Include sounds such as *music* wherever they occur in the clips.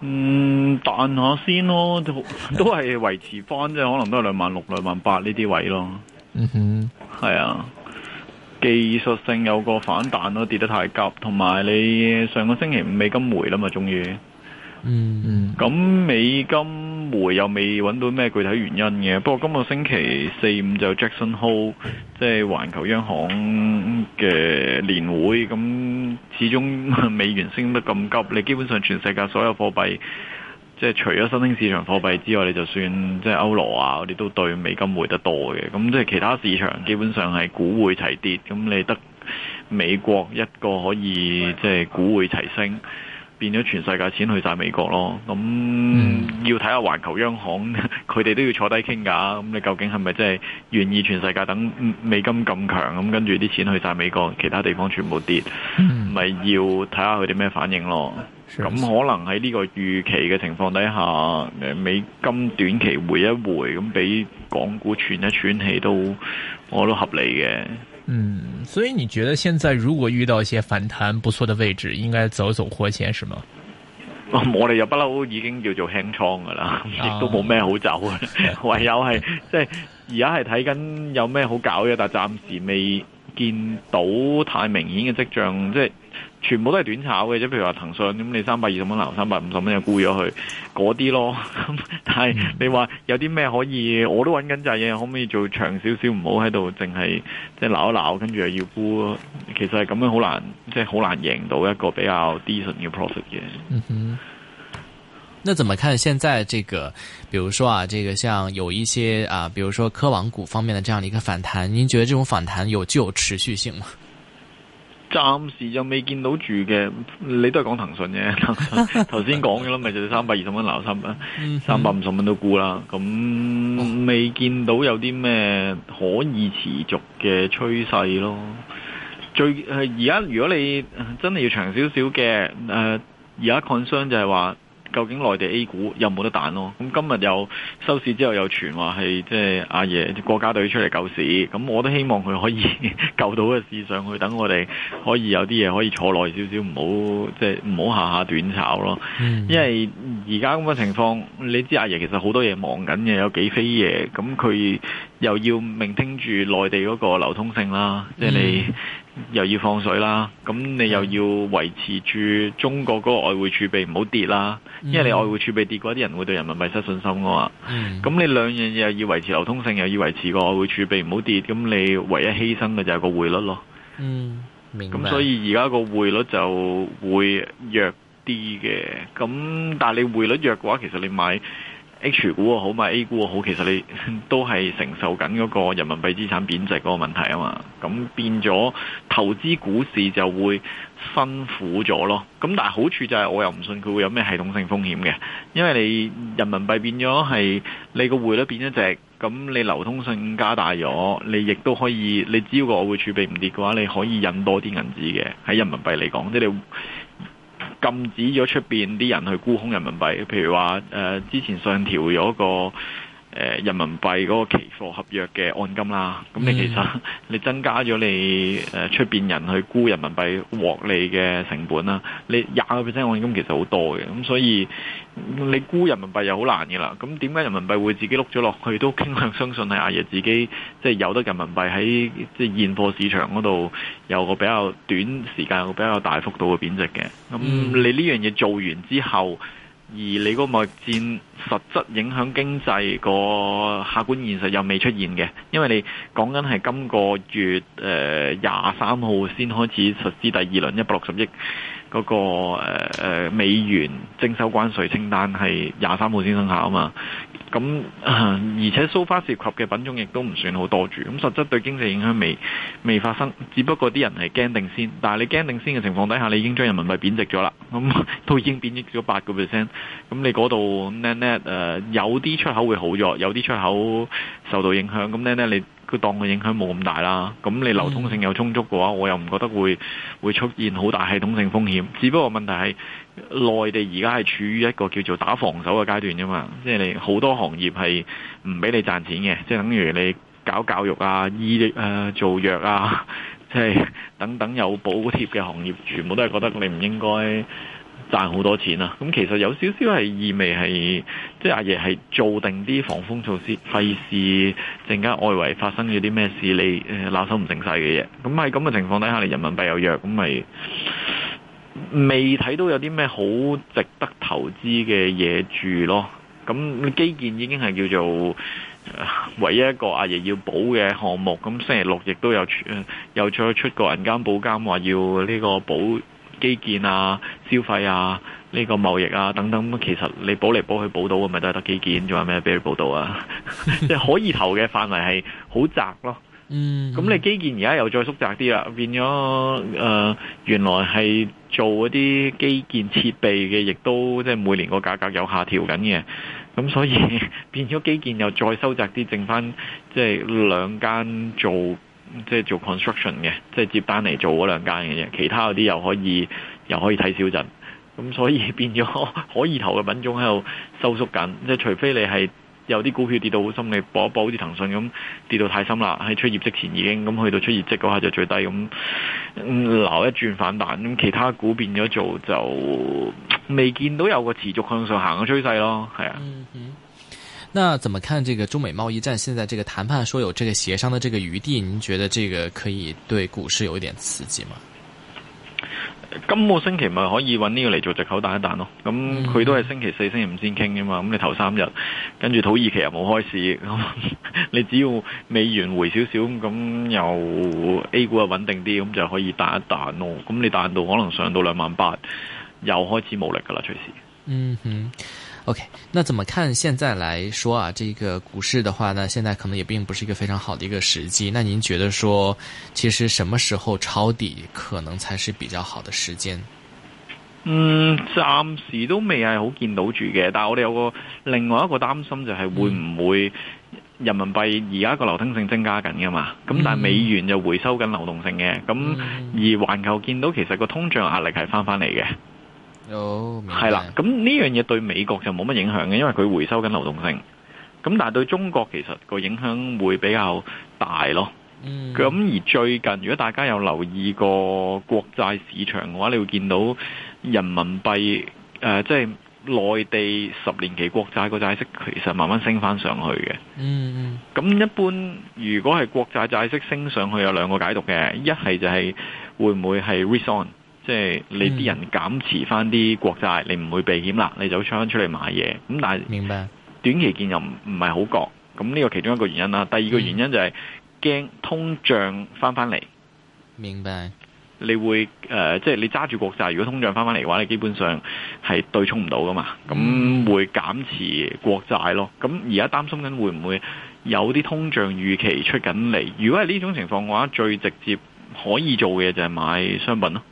嗯，彈下先咯，都係係維持翻，即係可能都係兩萬六、兩萬八呢啲位咯。嗯哼、mm，係、hmm。啊，技術性有個反彈咯，跌得太急，同埋你上個星期五美金回啦嘛，終於。嗯嗯、mm，咁、hmm。美金。又未揾到咩具體原因嘅，不過今個星期四五就 Jackson Hole，即係環球央行嘅年會，咁始終美元升得咁急，你基本上全世界所有貨幣，即係除咗新興市場貨幣之外，你就算即係歐羅啊，嗰啲都對美金匯得多嘅，咁即係其他市場基本上係股匯齊跌，咁你得美國一個可以即係股匯齊升。變咗全世界錢去晒美國咯，咁要睇下環球央行佢哋都要坐低傾㗎。咁你究竟係咪真係願意全世界等美金咁強？咁跟住啲錢去晒美國，其他地方全部跌，咪、嗯、要睇下佢哋咩反應咯。咁可能喺呢個預期嘅情況底下，美金短期回一回，咁俾港股喘一喘氣都我都合理嘅。嗯，所以你覺得現在如果遇到一些反彈不錯的位置，應該走走貨先是嗎？我哋又不嬲已經叫做輕倉噶啦，亦都冇咩好走，啊、唯有係即係而家係睇緊有咩好搞嘅，但暫時未見到太明顯嘅跡象，即係。全部都係短炒嘅，即譬如話騰訊咁，那你三百二十蚊流，三百五十蚊就沽咗去嗰啲咯。咁 *laughs* 但係你話有啲咩可以，我都揾緊扎嘢，可唔可以做長少少？唔好喺度淨係即係鬧一鬧，跟住又要沽。其實係咁樣好難，即係好難贏到一個比較 decent 嘅 profit 嘅。嗯、哼，那怎麼看現在這個，比如說啊，這個像有一些啊，比如說科網股方面的這樣的一個反彈，您覺得這種反彈有具有持續性嗎？暫時就未見到住嘅，你都係講騰訊啫。頭先講咗啦，咪 *laughs* 就三百二十蚊留心啦，三百五十蚊都估啦。咁未見到有啲咩可以持續嘅趨勢咯。最而家，呃、如果你真係要長少少嘅，而、呃、家 concern 就係話。究竟內地 A 股有冇得彈咯？咁今日又收市之後又傳話係即係阿爺國家隊出嚟救市，咁我都希望佢可以 *laughs* 救到個市上去，等我哋可以有啲嘢可以坐耐少少，唔好即係唔好下下短炒咯。嗯、因為而家咁嘅情況，你知阿爺其實好多嘢忙緊嘅，有幾飛嘢，咁佢又要 maintain 住內地嗰個流通性啦，即係你。嗯又要放水啦，咁你又要維持住中國嗰個外匯儲備唔好跌啦，因為你外匯儲備跌過，啲人會對人民幣失信心噶嘛。咁、嗯、你兩樣又要維持流通性，又要維持個外匯儲備唔好跌，咁你唯一犧牲嘅就係個匯率咯。嗯，明白。咁所以而家個匯率就會弱啲嘅，咁但係你匯率弱嘅話，其實你買。H 股又好嘛，A 股又好，其實你都係承受緊嗰個人民幣資產貶值嗰個問題啊嘛，咁變咗投資股市就會辛苦咗咯。咁但係好處就係我又唔信佢會有咩系統性風險嘅，因為你人民幣變咗係你個匯率變咗隻，咁你流通性加大咗，你亦都可以，你只要個會儲備唔跌嘅話，你可以印多啲銀紙嘅，喺人民幣嚟講，即係你。禁止咗出邊啲人去沽空人民幣，譬如話，誒、呃、之前上調咗個。呃、人民幣嗰個期貨合約嘅按金啦，咁你其實、mm. 你增加咗你誒出、呃、邊人去沽人民幣獲利嘅成本啦，你廿個 percent 按金其實好多嘅，咁所以你沽人民幣又好難嘅啦。咁點解人民幣會自己碌咗落去？都傾向相信係阿爺自己即係、就是、有得人民幣喺即係現貨市場嗰度有個比較短時間、有個比較大幅度嘅貶值嘅。咁你呢樣嘢做完之後。而你嗰個貿易戰實質影響經濟個客觀現實又未出現嘅，因為你講緊係今個月誒廿三號先開始實施第二輪一百六十億。嗰、那個、呃、美元徵收關稅清單係廿三號先生效啊嘛，咁、呃、而且 so far 涉及嘅品種亦都唔算好多住，咁實質對經濟影響未未發生，只不過啲人係驚定先，但係你驚定先嘅情況底下，你已經將人民幣貶值咗啦，咁都已經貶值咗八個 percent，咁你嗰度 net net 誒有啲出口會好咗，有啲出口受到影響，咁 net net 你。佢當嘅影響冇咁大啦，咁你流通性有充足嘅話，我又唔覺得會，會出現好大系統性風險。只不過問題係內地而家係處於一個叫做打防守嘅階段啫嘛，即係你好多行業係唔俾你賺錢嘅，即係等於你搞教育啊、醫啊、呃、做藥啊，即係等等有補貼嘅行業，全部都係覺得你唔應該賺好多錢啊。咁其實有少少係意味係。即係阿爺係做定啲防風措施，費事陣間外圍發生咗啲咩事，你鬧手唔成曬嘅嘢。咁喺咁嘅情況底下，你人民幣又弱，咁咪未睇到有啲咩好值得投資嘅嘢住咯。咁基建已經係叫做唯一一個阿爺要保嘅項目。咁星期六亦都有又再出個銀監保監話要呢個保基建啊、消費啊。呢個貿易啊，等等，其實你補嚟補去補到嘅，咪都係得基建，仲有咩俾你補到啊？即 *laughs* 係可以投嘅範圍係好窄咯。嗯，咁你基建而家又再縮窄啲啦，變咗誒、呃，原來係做一啲基建設備嘅，亦都即係、就是、每年個價格有下調緊嘅。咁所以變咗基建又再收窄啲，剩翻即係兩間做即係、就是、做 construction 嘅，即、就、係、是、接單嚟做嗰兩間嘅啫，其他嗰啲又可以又可以睇少陣。咁所以變咗可以投嘅品種喺度收縮緊，即係除非你係有啲股票跌到好深，你補一補，好似騰訊咁跌到太深啦，喺出業績前已經咁去到出業績嗰下就最低咁，留一轉反彈，咁其他股變咗做就未見到有個持續向上行嘅趨勢咯，係啊。嗯嗯。那怎麼看這個中美貿易戰？現在這個談判說有這個協商的這個餘地，您覺得這個可以對股市有一點刺激嗎？今個星期咪可以揾呢個嚟做藉口彈一彈咯，咁佢都係星期四、星期五先傾嘅嘛，咁你頭三日，跟住土耳其又冇開市，你只要美元回少少咁，又 A 股啊穩定啲，咁就可以彈一彈咯，咁你彈到可能上到兩萬八，又開始冇力噶啦，隨時。嗯哼。OK，那怎麼看現在來說啊，這個股市的話呢，現在可能也並不是一個非常好的一個時機。那您覺得說，其實什麼時候抄底可能才是比較好的時間？嗯，暫時都未係好見到住嘅，但係我哋有個另外一個擔心就係會唔會人民幣而家個流通性增加緊噶嘛，咁但係美元就回收緊流動性嘅，咁而環球見到其實個通脹壓力係翻翻嚟嘅。哦係啦，咁呢樣嘢對美國就冇乜影響嘅，因為佢回收緊流動性，咁但係對中國其實個影響會比較大咯。咁而最近，如果大家有留意過國債市場嘅話，你會見到人民幣誒，即係內地十年期國債個債息其實慢慢升翻上去嘅。嗯，咁一般如果係國債債息升上去，有兩個解讀嘅，一係就係會唔會係 risk on。即係你啲人減持翻啲國債，嗯、你唔會避險啦，你就出翻出嚟買嘢。咁但係短期見又唔係好覺，咁呢個其中一個原因啦。第二個原因就係驚通脹翻返嚟。明白、嗯，你會誒、呃，即係你揸住國債。如果通脹翻返嚟嘅話，你基本上係對沖唔到噶嘛，咁會減持國債咯。咁而家擔心緊會唔會有啲通脹預期出緊嚟？如果係呢種情況嘅話，最直接可以做嘅就係買商品咯。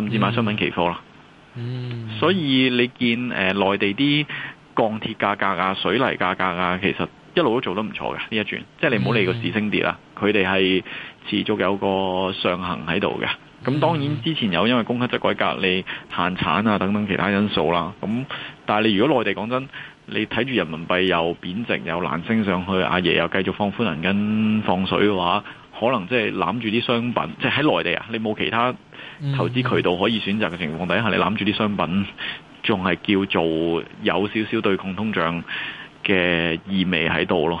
甚至買商品期貨啦，嗯、所以你見、呃、內地啲鋼鐵價格啊、水泥價格啊，其實一路都做得唔錯嘅呢一轉，即係你唔好理個市升跌啦，佢哋係持續有個上行喺度嘅。咁當然之前有因為供給側改革、你限產啊等等其他因素啦。咁但係你如果內地講真，你睇住人民幣又貶值又難升上去，阿爺，爺又繼續放寬銀根放水嘅話，可能即係攬住啲商品，即係喺內地啊，你冇其他投資渠道可以選擇嘅情況底下，你攬住啲商品，仲係叫做有少少對抗通脹嘅意味喺度咯。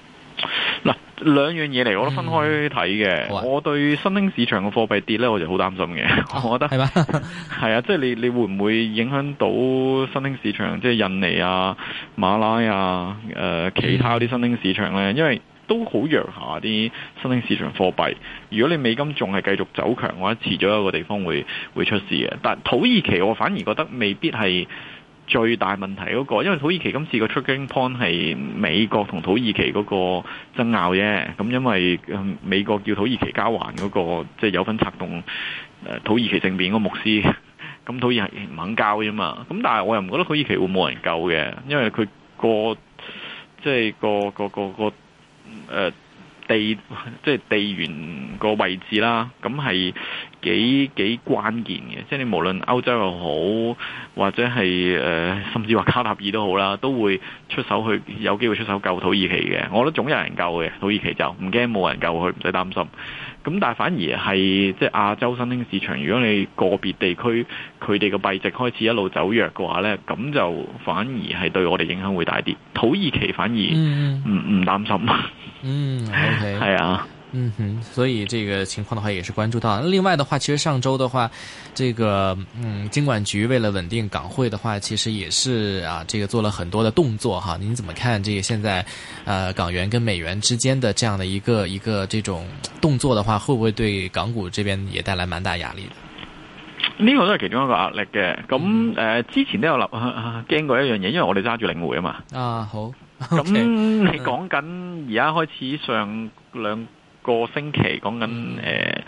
嗱，兩樣嘢嚟，我都分開睇嘅。嗯啊、我對新興市場嘅貨幣跌呢，我就好擔心嘅。我覺得係嘛，係啊，即係、 *laughs* 啊就是，你你會唔會影響到新興市場，即係印尼啊、馬拉啊、誒、呃、其他啲新興市場呢？嗯，因為都好弱下啲新興市場貨幣。如果你美金仲係繼續走強嘅話，遲早有一個地方會會出事嘅。但土耳其我反而覺得未必係。最大問題嗰個，因為土耳其今次個 trigger point 係美國同土耳其嗰個爭拗啫。咁因為美國叫土耳其交還嗰個，即係有份策動土耳其政變嗰牧師，咁土耳其唔肯交啫嘛。咁但係我又唔覺得土耳其會冇人救嘅，因為佢個即係個個個個誒地即係地緣個位置啦，咁係。幾幾關鍵嘅，即係你無論歐洲又好，或者係誒、呃，甚至話卡塔爾都好啦，都會出手去有機會出手救土耳其嘅。我覺得總有人救嘅，土耳其就唔驚冇人救佢，唔使擔心。咁但係反而係即係亞洲新興市場，如果你個別地區佢哋個幣值開始一路走弱嘅話呢，咁就反而係對我哋影響會大啲。土耳其反而唔唔擔心。嗯，係、okay. *laughs* 啊。嗯哼，所以這個情況的話也是關注到。另外的話，其實上周的話，這個嗯，金管局為了穩定港匯的話，其實也是啊，這個做了很多的動作哈。您怎麼看這個現在，呃，港元跟美元之間的這樣的一個一個這種動作的話，會不會對港股這邊也帶來蠻大壓力的？呢個都係其中一個壓力嘅。咁、嗯、哼呃之前都有立啊驚過一樣嘢，因為我哋揸住領匯啊嘛。啊好。咁、okay, 那嗯、你講緊而家開始上兩。個星期講緊、呃、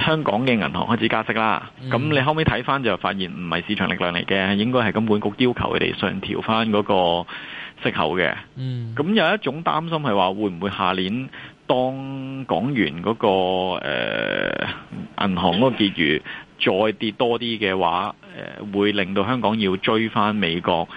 香港嘅銀行開始加息啦，咁、嗯、你後尾睇翻就發現唔係市場力量嚟嘅，應該係金管局要求佢哋上調翻嗰個息口嘅。咁、嗯、有一種擔心係話會唔會下年當港元嗰、嗰個、呃、銀行嗰個結餘再跌多啲嘅話、呃，會令到香港要追翻美國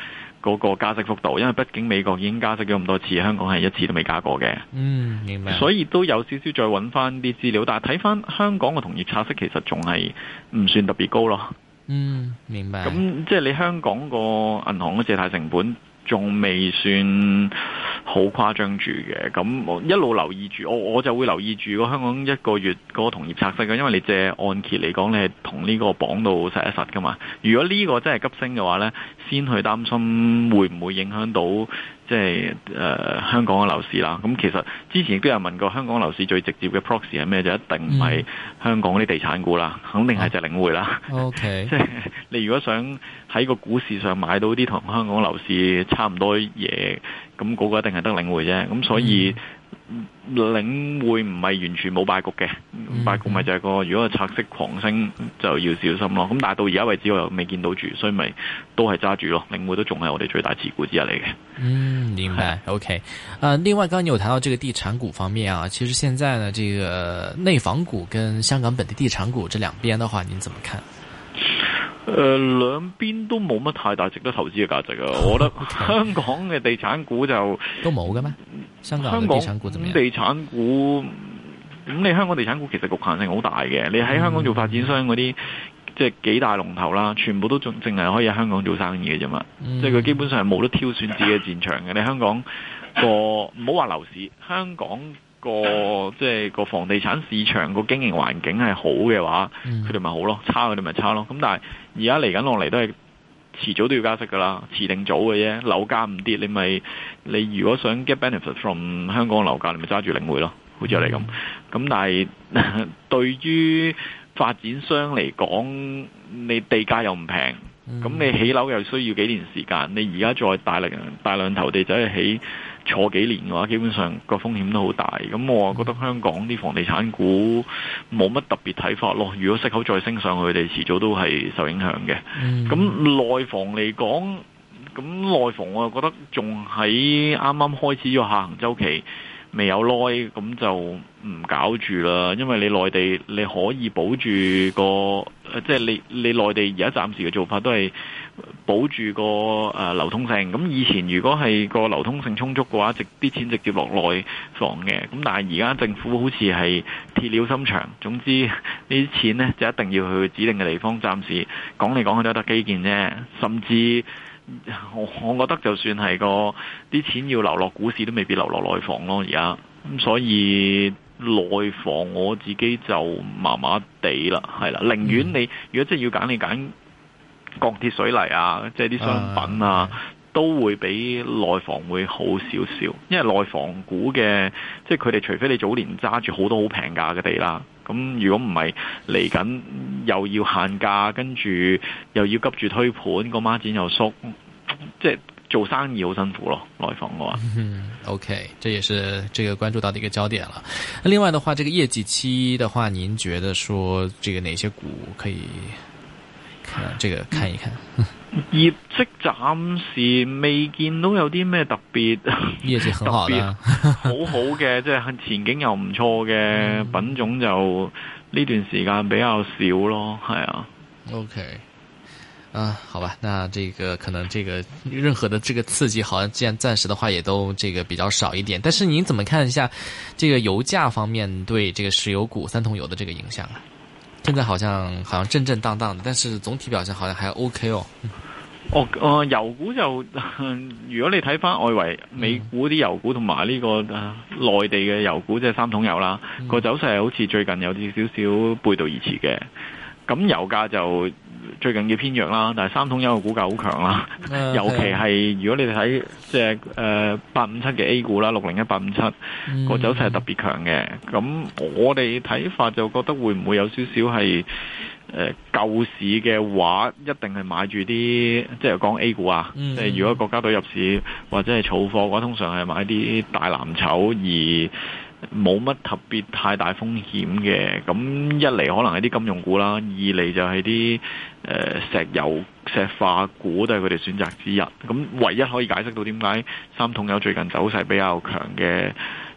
嗰個加息幅度，因為畢竟美國已經加息咗咁多次，香港係一次都未加過嘅。嗯，明白。所以都有少少再揾翻啲資料，但係睇翻香港嘅同業拆息其實仲係唔算特別高咯。嗯，明白。咁即係你香港個銀行嘅借貸成本仲未算。好誇張住嘅，咁我一路留意住，我我就會留意住個香港一個月嗰同業拆息嘅，因為你借按揭嚟講，你係同呢個綁到實一實噶嘛。如果呢個真係急升嘅話咧，先去擔心會唔會影響到。即係誒、呃、香港嘅樓市啦，咁其實之前都有問過香港樓市最直接嘅 proxy 係咩？就一定唔係香港啲地產股啦，嗯、肯定係隻領匯啦。啊、o、okay. K，即係你如果想喺個股市上買到啲同香港樓市差唔多嘢，咁嗰個一定係得領匯啫。咁所以。嗯領會唔係完全冇敗局嘅，敗局咪就係個如果係彩色狂升就要小心咯。咁但係到而家為止我又未見到住，所以咪都係揸住咯。領會都仲係我哋最大持股之一嚟嘅。嗯，明白。是 OK，誒、啊，另外剛你有談到這個地產股方面啊，其實現在呢，這個內房股跟香港本地地產股這兩邊的話，您怎麼看？誒，兩邊、呃、都冇乜太大值得投資嘅價值啊！我覺得香港嘅地產股就 *laughs* 都冇嘅咩？香港地產股，地產股，咁你香港地產股其實局限性好大嘅。你喺香港做發展商嗰啲，即係幾大龍頭啦，全部都仲淨係可以喺香港做生意嘅啫嘛。嗯、即係佢基本上係冇得挑選自己嘅戰場嘅。你香港個唔好話樓市，香港。個即係個房地產市場個經營環境係好嘅話，佢哋咪好咯；差佢哋咪差咯。咁但係而家嚟緊落嚟都係遲早都要加息㗎啦，遲定早嘅啫。樓價唔跌，你咪你如果想 get benefit from 香港樓價，你咪揸住領匯咯，好似你咁。咁、嗯、但係 *laughs* 對於發展商嚟講，你地價又唔平，咁、嗯、你起樓又需要幾年時間，你而家再大力大量投地就去起。坐幾年嘅話，基本上個風險都好大。咁我覺得香港啲房地產股冇乜特別睇法咯。如果息口再升上去，佢哋遲早都係受影響嘅。咁內房嚟講，咁內房我又覺得仲喺啱啱開始咗下行周期。未有耐，咁就唔搞住啦。因為你內地你可以保住個，即係你你內地而家暫時嘅做法都係保住個、呃、流通性。咁以前如果係個流通性充足嘅話，直啲錢直接落內房嘅。咁但係而家政府好似係鐵了心腸。總之呢啲錢呢就一定要去指定嘅地方。暫時講嚟講去都得基建啫，甚至。我覺得就算係個啲錢要流落股市，都未必流落內房咯。而家咁，所以內房我自己就麻麻地啦，係啦。寧願你如果真係要揀，你揀鋼鐵水泥啊，即係啲商品啊，啊都會比內房會好少少，因為內房股嘅即係佢哋，除非你早年揸住好多好平價嘅地啦。咁如果唔係嚟緊又要限價，跟住又要急住推盤，個孖展又縮，即係做生意好辛苦咯。內房嘅話，嗯，OK，這也是這個關注到的一個焦點啦。另外的話，這個業績期的話，您覺得說這個哪些股可以？這個看一看業績暫時未見到有啲咩特別業績，很好的別 *laughs* 好好嘅，即、就、係、是、前景又唔錯嘅、嗯、品種就呢段時間比較少咯，係啊。OK，啊，好吧，那這個可能這個任何的這個刺激，好像暫暫時的話也都這個比較少一點。但是您怎麼看一下這個油價方面對這個石油股、三桶油的這個影響啊？現在好像好像震震盪盪的，但是總體表現好像還 OK 哦。嗯、哦、呃，油股就如果你睇翻外圍美股啲油股同埋呢個、呃、內地嘅油股，即係三桶油啦，個走勢好似最近有啲少少背道而馳嘅。咁油價就。最近嘅偏弱啦，但係三桶油嘅股價好強啦，呃、尤其係如果你哋睇即係誒八五七嘅 A 股啦，六零一八五七個走勢係特別強嘅。咁我哋睇法就覺得會唔會有少少係誒舊市嘅話，一定係買住啲即係講 A 股啊。嗯、即係如果國家隊入市或者係儲貨嘅話，通常係買啲大藍籌而。冇乜特別太大風險嘅，咁一嚟可能係啲金融股啦，二嚟就係啲誒石油石化股都係佢哋選擇之一。咁唯一可以解釋到點解三桶油最近走勢比較強嘅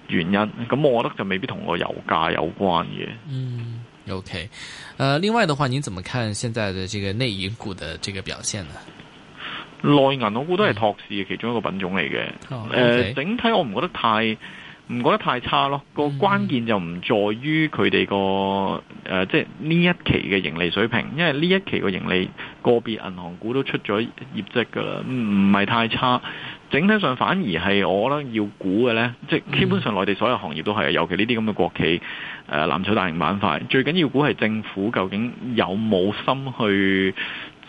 原因，咁我覺得就未必同個油價有關嘅。嗯，OK，誒，uh，另外嘅話，您怎麼看現在嘅這個內銀股的這個表現呢？內銀我估都係托市嘅其中一個品種嚟嘅。哦，okay。呃，整體我唔覺得太。唔覺得太差咯，個關鍵就唔在於佢哋個誒，即係呢一期嘅盈利水平，因為呢一期個盈利個別銀行股都出咗業績㗎啦，唔係太差。整體上反而係我覺得要估嘅呢，即係基本上內地所有行業都係，尤其呢啲咁嘅國企誒藍籌大型板塊，最緊要是估係政府究竟有冇心去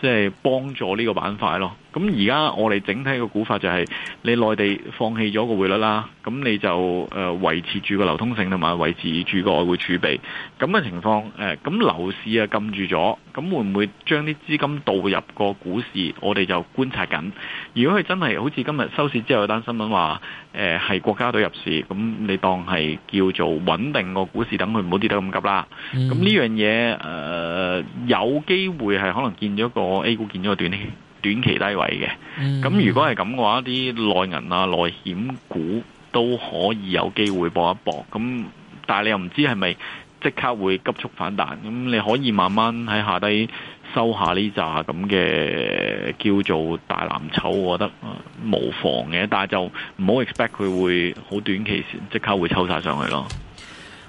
即係幫助呢個板塊咯。咁而家我哋整體嘅估法就係，是，你內地放棄咗個匯率啦，咁你就誒維持住個流通性同埋維持住個外匯儲備咁嘅情況誒，咁樓市啊撳住咗，咁會唔會將啲資金導入個股市？我哋就觀察緊。如果佢真係好似今日收市之後有單新聞話誒係國家隊入市，咁你當係叫做穩定個股市，等佢唔好跌得咁急啦。咁呢，mm hmm。樣嘢誒有機會係可能見咗個 A 股見咗個短期。短期低位嘅，咁如果係咁嘅話，啲內銀啊、內險股都可以有機會搏一搏。咁但係你又唔知係咪即刻會急速反彈。咁你可以慢慢喺下低收下呢扎咁嘅叫做大藍籌，我覺得無妨嘅。但係就唔好 expect 佢會好短期即刻會抽晒上去咯。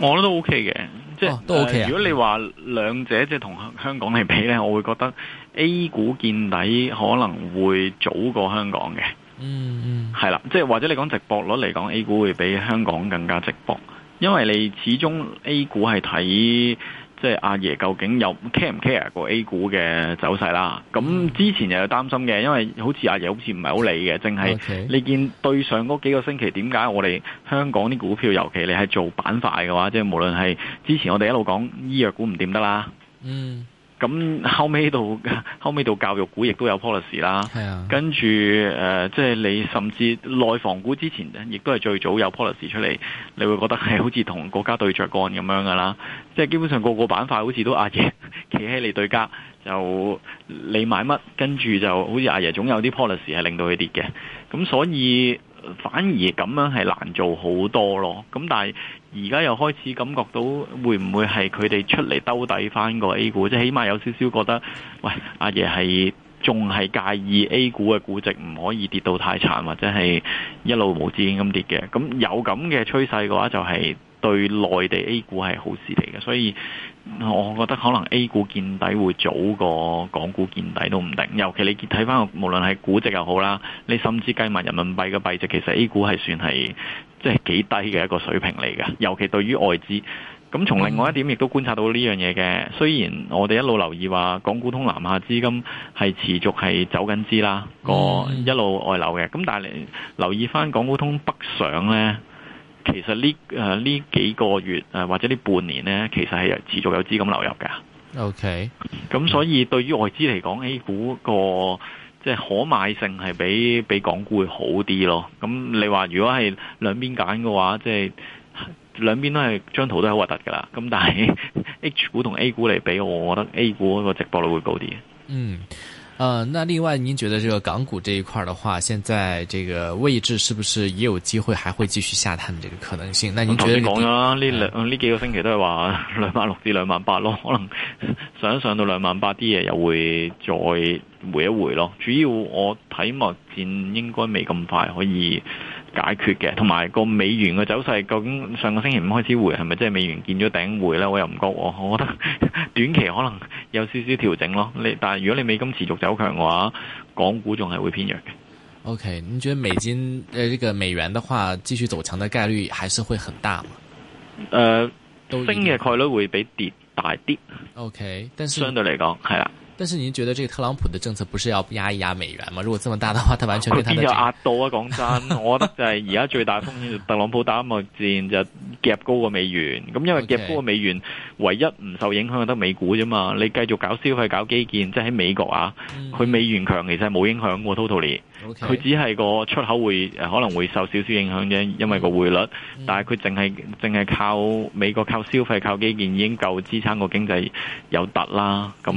我覺得都 OK 嘅，即係、哦啊呃、如果你話兩者即係同香港嚟比呢，我會覺得 A 股見底可能會早過香港嘅、嗯。嗯嗯，係啦，即係或者你講值博率嚟講，A 股會比香港更加值博，因為你始終 A 股係睇。即係阿爺究竟有 care 唔 care 個 A 股嘅走勢啦？咁之前又有擔心嘅，因為好似阿爺好似唔係好理嘅，淨係你見對上嗰幾個星期，點解我哋香港啲股票，尤其你係做板塊嘅話，即係無論係之前我哋一路講醫藥股唔掂得啦。嗯。咁後尾到後尾到教育股亦都有 policy 啦，啊、跟住、呃、即係你甚至內房股之前亦都係最早有 policy 出嚟，你會覺得係好似同國家對著幹咁樣噶啦，即係基本上個個板塊好似都阿、啊、爺企喺你對家，就你買乜，跟住就好似阿、啊、爺總有啲 policy 係令到佢跌嘅，咁所以反而咁樣係難做好多咯，咁但係。而家又開始感覺到會唔會係佢哋出嚟兜底翻個 A 股，即係起碼有少少覺得，喂，阿爺係仲係介意 A 股嘅估值唔可以跌到太慘，或者係一路無止境咁跌嘅。咁有咁嘅趨勢嘅話，就係對內地 A 股係好事嚟嘅。所以，我覺得可能 A 股見底會早過港股見底都唔定。尤其你睇翻，無論係估值又好啦，你甚至計埋人民幣嘅幣值，其實 A 股係算係。即係幾低嘅一個水平嚟嘅，尤其對於外資。咁從另外一點亦都觀察到呢樣嘢嘅。雖然我哋一路留意話，港股通南下資金係持續係走緊資啦，個、嗯、一路外流嘅。咁但係你留意翻港股通北上呢，其實呢呢、啊、幾個月、啊、或者呢半年呢，其實係持續有資金流入嘅。OK。咁所以對於外資嚟講，A 股、嗰個。.即係可買性係比比港股會好啲咯，咁你話如果係兩邊揀嘅話，即係兩邊都係張圖都係好核突噶啦，咁但係 H 股同 A 股嚟比，我我覺得 A 股嗰個值博率會高啲嘅。嗯。呃、嗯，那另外，您覺得這個港股這一塊的話，現在這個位置是不是也有機會還會繼續下探？這個可能性，那您覺得？同你講啊，呢兩呢幾個星期都係話兩萬六至兩萬八咯，可能上一上到兩萬八啲嘢又會再回一回咯。主要我睇目前應該未咁快可以。解決嘅，同埋個美元嘅走勢，究竟上個星期五開始回係咪即係美元見咗頂回呢？我又唔覺我，我覺得短期可能有少少調整咯。你但係如果你美金持續走強嘅話，港股仲係會偏弱嘅。OK，你覺得美金誒、呃，這個美元的話，繼續走強的概率還是會很大嘛、呃？升嘅概率會比跌大啲。OK，但相對嚟講係啦。是但是您覺得這個特朗普的政策不是要壓一壓美元嗎？如果這麼大的話，佢邊有壓到啊？講真， *laughs* 我覺得就係而家最大風險特朗普打貿易戰就夾高個美元。咁因為夾高個美元，Okay. 唯一唔受影響得美股啫嘛。你繼續搞消費、搞基建，即係喺美國啊，佢、嗯、美元強其實係冇影響嘅，totally。佢只係個出口會可能會受少少影響啫，因為個匯率。嗯、但係佢淨係淨係靠美國靠消費靠基建已經夠支撐個經濟有突啦。咁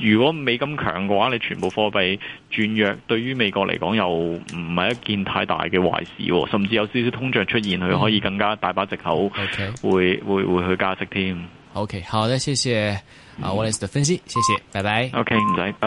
如果美金強嘅話，你全部貨幣轉弱，對於美國嚟講又唔係一件太大嘅壞事，甚至有少少通脹出現，佢可以更加大把借口會、嗯 okay. 會，會會會去加息添。OK，好的，謝謝阿 Wallace 嘅分析，謝謝、嗯，okay, 拜拜。OK，唔使。